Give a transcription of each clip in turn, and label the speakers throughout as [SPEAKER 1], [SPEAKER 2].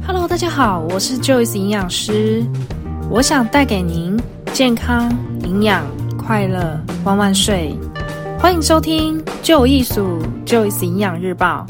[SPEAKER 1] 哈嘍，Hello, 大家好，我是 Joyce 營養師，我想帶給您健康、營養、快樂、萬萬歲！歡迎收聽《舊藝術 Joyce 營養日報》，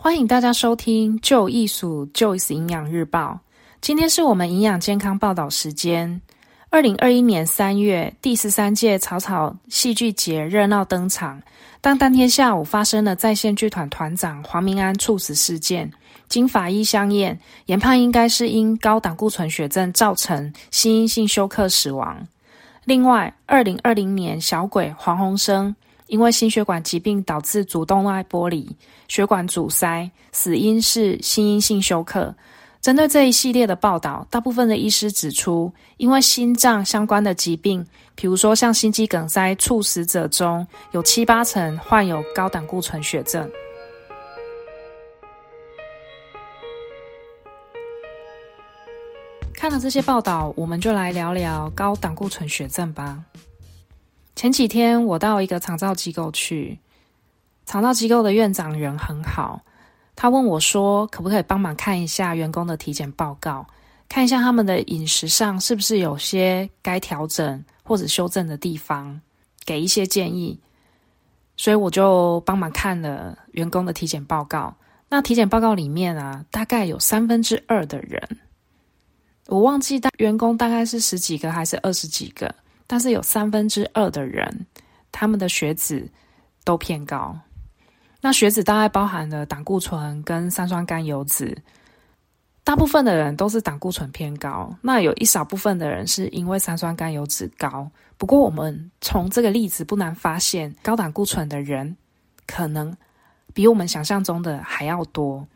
[SPEAKER 1] 歡迎大家收聽《舊藝術 Joyce 營養日報》。今天是我們營養健康報道時間。二零二一年三月，第十三屆草草戲劇節熱鬧登場。當當天下午發生了在線劇團團長黃明安猝死事件，經法醫相驗，研判應該是因高膽固醇血症造成心因性休克死亡。另外，二零二零年小鬼黃鴻升因為心血管疾病導致主動脈剝離、血管阻塞，死因是心因性休克。針對這一系列的報道，大部分的醫師指出，因為心臟相關的疾病，比如說像心肌梗塞，猝死者中有七八成患有高膽固醇血症。看了這些報道，我們就來聊聊高膽固醇血症吧。前幾天我到一個長照機構去，長照機構的院長人很好。他問我說：“可不可以幫忙看一下員工的體檢報告，看一下他們的飲食上是不是有些該調整或者修正的地方，給一些建議？”所以我就幫忙看了員工的體檢報告。那體檢報告裡面啊，大概有三分之二的人，我忘記大員工大概是十幾個還是二十幾個，但是有三分之二的人，他們的血脂都偏高。那血脂大概包含了膽固醇跟三酸甘油酯，大部分的人都是膽固醇偏高，那有一少部分的人是因為三酸甘油酯高。不過我們從這個例子不難發現，高膽固醇的人可能比我們想象中的還要多。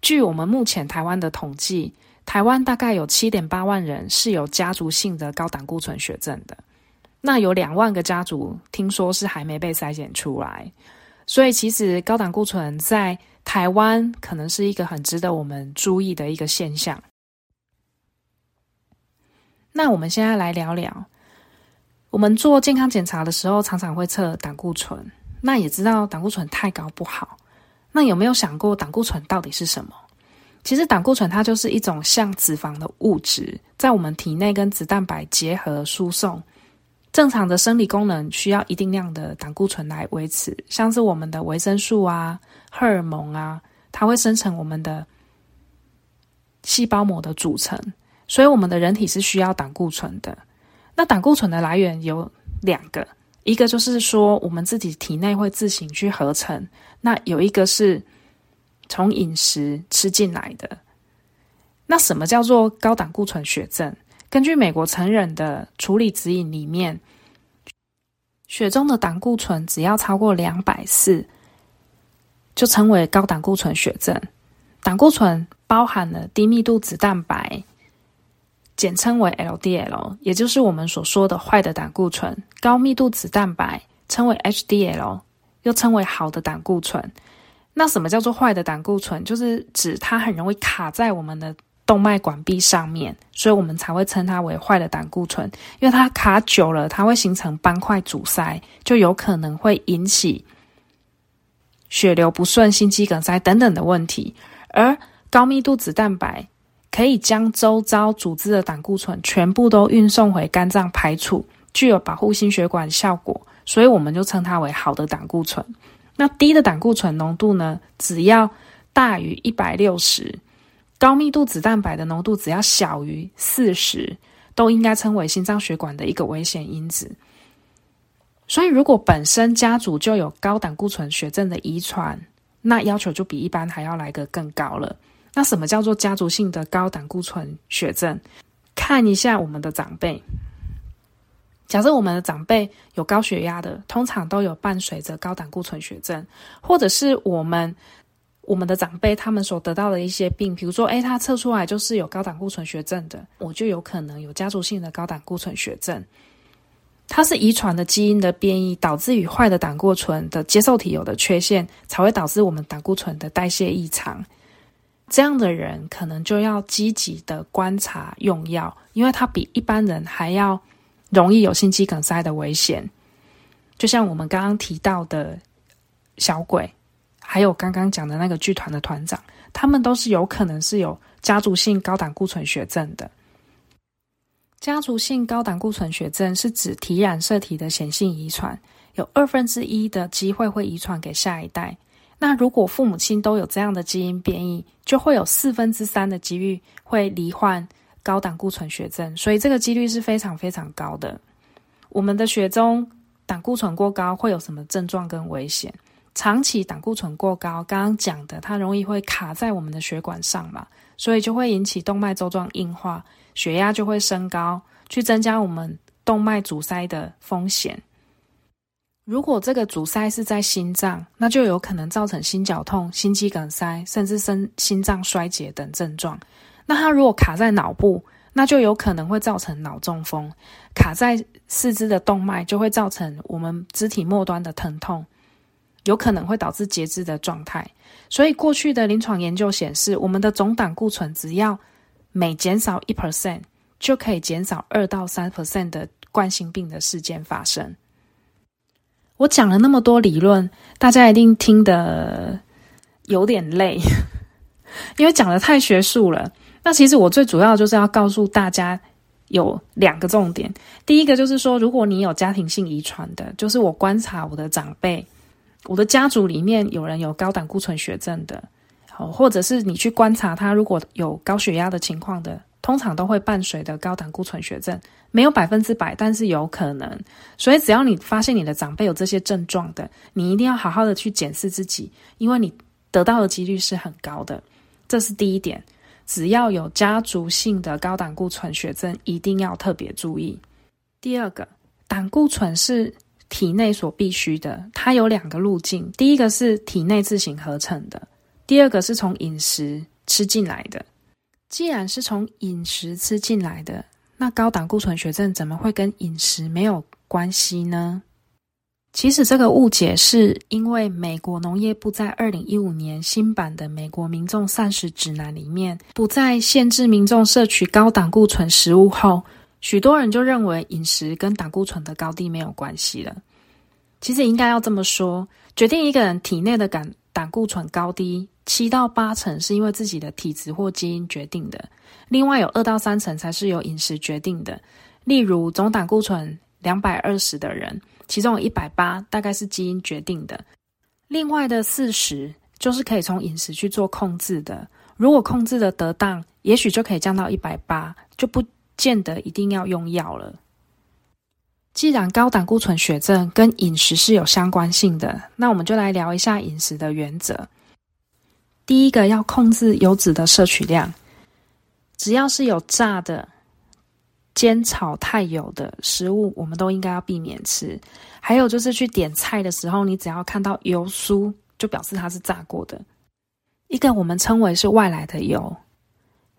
[SPEAKER 1] 據我們目前台灣的統計，台灣大概有七點八萬人是有家族性的高膽固醇血症的，那有兩萬個家族聽說是還沒被篩檢出來。所以，其實高膽固醇在台灣可能是一個很值得我們注意的一個現象。那我們現在來聊聊，我們做健康檢查的時候，常常會測膽固醇。那也知道膽固醇太高不好，那有沒有想過膽固醇到底是什麼？其實膽固醇它就是一種像脂肪的物質，在我們體內跟脂蛋白結合輸送。正常的生理功能需要一定量的膽固醇來維持，像是我們的維生素啊、荷爾蒙啊，它會生成我們的細胞膜的組成，所以我們的人體是需要膽固醇的。那膽固醇的來源有兩個，一個就是說我們自己體內會自行去合成，那有一個是從飲食吃進來的。那什麼叫做高膽固醇血症？根據美國成人的處理指引裡面，血中的膽固醇只要超過兩百四，就稱為高膽固醇血症。膽固醇包含了低密度脂蛋白，簡稱為 LDL，也就是我們所說的壞的膽固醇；高密度脂蛋白稱為 HDL，又稱為好的膽固醇。那什麼叫做壞的膽固醇？就是指它很容易卡在我們的動脈管壁上面，所以我們才會稱它為壞的膽固醇，因為它卡久了，它會形成斑塊阻塞，就有可能會引起血流不順、心肌梗塞等等的問題。而高密度脂蛋白可以將周遭組織的膽固醇全部都運送回肝臟排出，具有保護心血管效果，所以我們就稱它為好的膽固醇。那低的膽固醇濃度呢？只要大於一百六十。高密度脂蛋白的濃度只要小於四十，都應該稱為心臟血管的一個危險因子。所以，如果本身家族就有高膽固醇血症的遺傳，那要求就比一般還要來得更高了。那什麼叫做家族性的高膽固醇血症？看一下我們的長輩。假設我們的長輩有高血壓的，通常都有伴隨着高膽固醇血症，或者是我們。我們的長輩他們所得到的一些病，比如說，誒，他測出來就是有高膽固醇血症的，我就有可能有家族性的高膽固醇血症。它是遺傳的基因的變異，導致與壞的膽固醇的接受體有的缺陷，才會導致我們膽固醇的代謝異常。這樣的人可能就要積極的觀察用藥，因為他比一般人還要容易有心肌梗塞的危險。就像我們剛剛提到的小鬼。還有剛剛講的那個劇團的團長，他們都是有可能是有家族性高膽固醇血症的。家族性高膽固醇血症是指體染色體的顯性遺傳，有二分之一的機會會遺傳給下一代。那如果父母親都有這樣的基因變異，就會有四分之三的幾率會罹患高膽固醇血症，所以這個幾率是非常非常高的。我們的血中膽固醇過高會有什麼症狀跟危險？長期膽固醇過高，剛剛講的，它容易會卡在我們的血管上嘛，所以就會引起動脈粥狀硬化，血壓就會升高，去增加我們動脈阻塞的風險。如果這個阻塞是在心臟，那就有可能造成心絞痛、心肌梗塞，甚至生心臟衰竭等症狀。那它如果卡在腦部，那就有可能會造成腦中風；卡在四肢的動脈，就會造成我們肢體末端的疼痛。有可能會導致截肢的狀態，所以過去的臨床研究顯示，我們的總膽固醇只要每減少一 percent，就可以減少二到三 percent 的冠心病的事件發生。我講了那麼多理論，大家一定聽得有點累， 因為講得太學術了。那其實我最主要就是要告訴大家有兩個重點：第一個就是說，如果你有家庭性遺傳的，就是我觀察我的長輩。我的家族裡面有人有高膽固醇血症的，哦，或者是你去觀察他如果有高血壓的情況的，通常都會伴隨的高膽固醇血症，沒有百分之百，但是有可能。所以只要你發現你的長輩有這些症狀的，你一定要好好的去檢視自己，因為你得到的幾率是很高的。這是第一點，只要有家族性的高膽固醇血症，一定要特別注意。第二個，膽固醇是體內所必需的，它有兩個路徑，第一個是體內自行合成的，第二個是從飲食吃進來的。既然是從飲食吃進來的，那高膽固醇血症怎麼會跟飲食沒有關係呢？其實這個誤解是因為美國農業部在二零一五年新版的美國民眾膳食指南裡面不再限制民眾攝取高膽固醇食物後，許多人就認為飲食跟膽固醇的高低沒有關係了。其實應該要這麼說：決定一個人體內的膽膽固醇高低，七到八成是因為自己的體質或基因決定的；另外有二到三成才是由飲食決定的。例如總膽固醇兩百二十的人，其中有一百八大概是基因決定的，另外的四十就是可以從飲食去做控制的。如果控制的得當，也許就可以降到一百八，就不。見得一定要用藥了。既然高膽固醇血症跟飲食是有相關性的，那我們就來聊一下飲食的原則。第一個要控制油脂的攝取量，只要是有炸的、煎炒太油的食物，我們都應該要避免吃。還有就是去點菜的時候，你只要看到油酥，就表示它是炸過的。一個我們稱為是外來的油，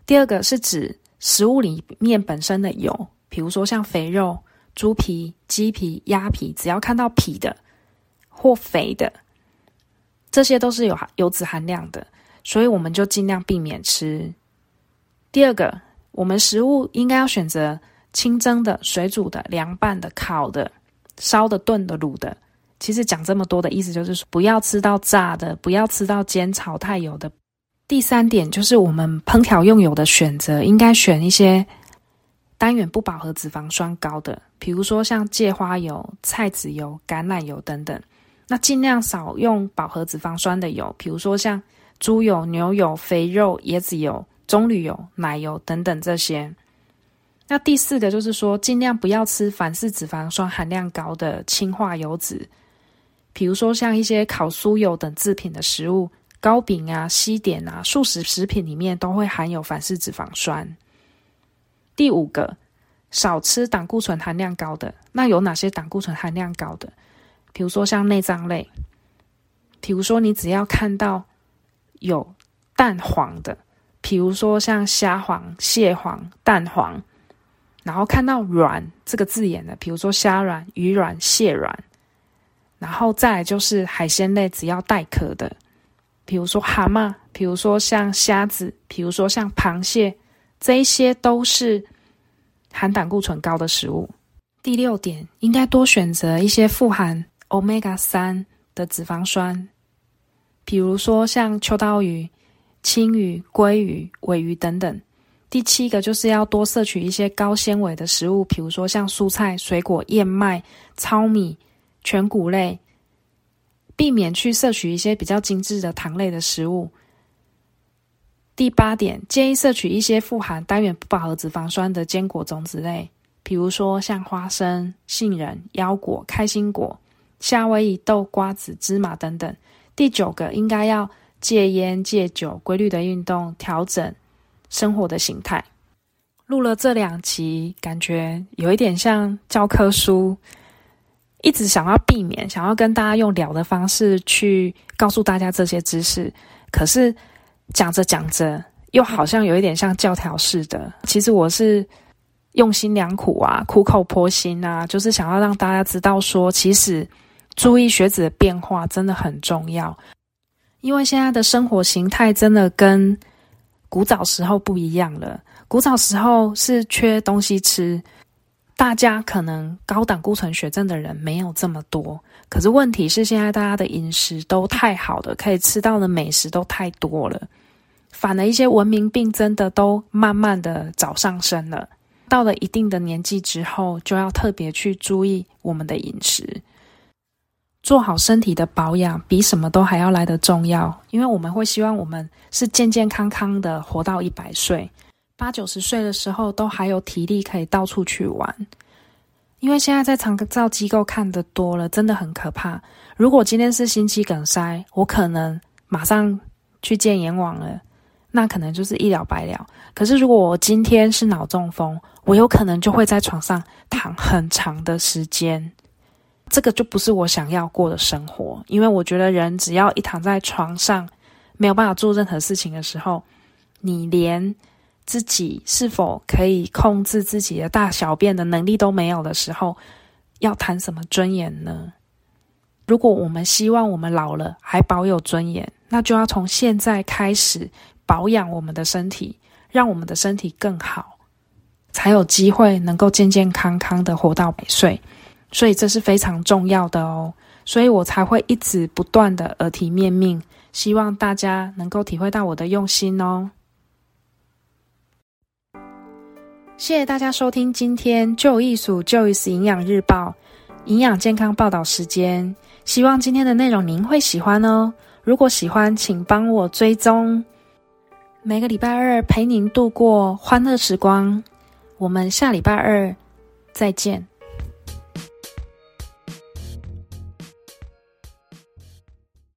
[SPEAKER 1] 第二個是指。食物裡面本身的油，比如說像肥肉、豬皮、雞皮、鴨皮，只要看到皮的或肥的，這些都是有油脂含量的，所以我們就盡量避免吃。第二個，我們食物應該要選擇清蒸的、水煮的、涼拌的、烤的、燒的、燉的、燉的、滷的。其實講這麼多的意思就是說，不要吃到炸的，不要吃到煎、炒太油的。第三點就是我們烹調用油的選擇，應該選一些單元不飽和脂肪酸高的，比如說像芥花油、菜籽油、橄欖油等等。那盡量少用飽和脂肪酸的油，比如說像豬油、牛油、肥肉、椰子油、棕櫚油、奶油等等這些。那第四個就是說，盡量不要吃反式脂肪酸含量高的氫化油脂，比如說像一些烤酥油等制品的食物。糕餅啊、西點啊、速食食品裡面都會含有反式脂肪酸。第五個，少吃膽固醇含量高的。那有哪些膽固醇含量高的？比如說像內臟類，比如說你只要看到有蛋黃的，比如說像蝦黃、蟹黃、蛋黃，然後看到“卵”這個字眼的，比如說蝦卵、魚卵、蟹卵，然後再來就是海鮮類，只要帶殼的。比如說蛤蟆，比如說像蝦子，比如說像螃蟹，這一些都是含膽固醇高的食物。第六點，應該多選擇一些富含歐米伽三的脂肪酸，比如說像秋刀魚、青魚、鮭魚、鮪魚等等。第七個就是要多攝取一些高纖維的食物，比如說像蔬菜、水果、燕麥、糙米、全穀類。避免去攝取一些比較精致的糖類的食物。第八點，建議攝取一些富含單元不飽和脂肪酸的堅果種子類，比如說像花生、杏仁、腰果、開心果、夏威夷豆、瓜子、芝麻等等。第九個，應該要戒菸戒酒，規律的運動，調整生活的形態。錄了這兩集，感覺有一點像教科書。一直想要避免，想要跟大家用聊的方式去告訴大家這些知識，可是講着講着，又好像有一點像教條似的。其實我是用心良苦啊，苦口婆心啊，就是想要讓大家知道說，其實注意血脂的變化真的很重要，因為現在的生活形態真的跟古早時候不一樣了。古早時候是缺東西吃。大家可能高膽固醇血症的人沒有這麼多，可是問題是現在大家的飲食都太好了，可以吃到的美食都太多了，反而一些文明病真的都慢慢的早上升了。到了一定的年紀之後，就要特別去注意我們的飲食，做好身體的保養，比什麼都還要來得重要。因為我們會希望我們是健健康康的活到一百歲。八九十歲的時候，都還有體力可以到處去玩，因為現在在長照機構看得多了，真的很可怕。如果今天是心肌梗塞，我可能馬上去見閻王了，那可能就是一了百了。可是如果我今天是腦中風，我有可能就會在床上躺很長的時間，這個就不是我想要過的生活。因為我覺得，人只要一躺在床上，沒有辦法做任何事情的時候，你連自己是否可以控制自己的大小便的能力都沒有的時候，要談什麼尊嚴呢？如果我們希望我們老了還保有尊嚴，那就要從現在開始保養我們的身體，讓我們的身體更好，才有機會能夠健健康康的活到百歲。所以這是非常重要的哦。所以我才會一直不斷的耳提面命，希望大家能夠體會到我的用心哦。謝謝大家收聽今天舊藝術 Joyce 營養日報營養健康報道時間，希望今天的內容您會喜歡哦。如果喜歡，請幫我追蹤，每個禮拜二陪您度過歡樂時光。我們下禮拜二再見。